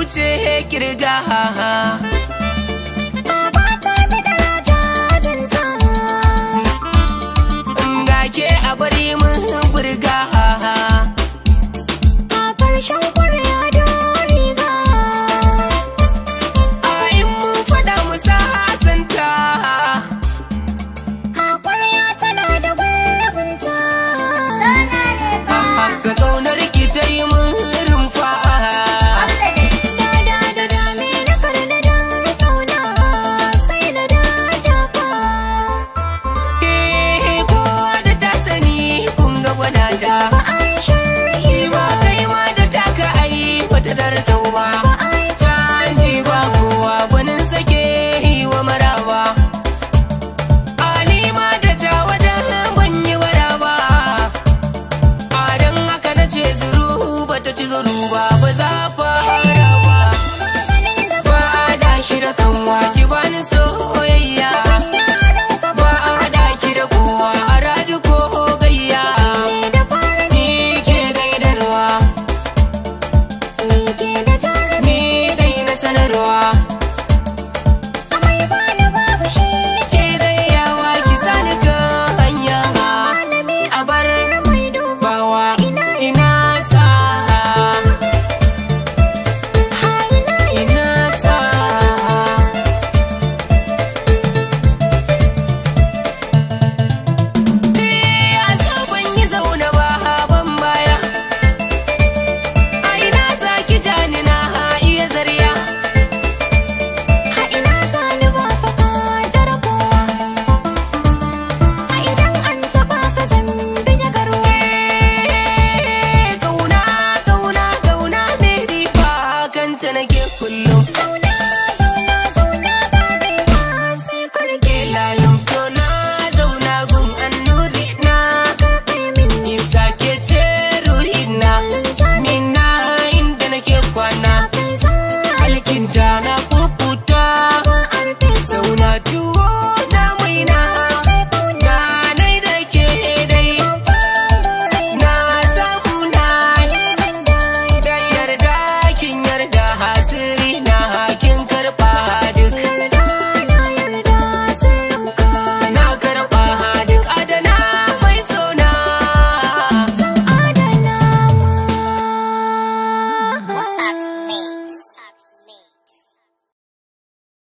wuce kirga Consider not a sanarwa I get with no.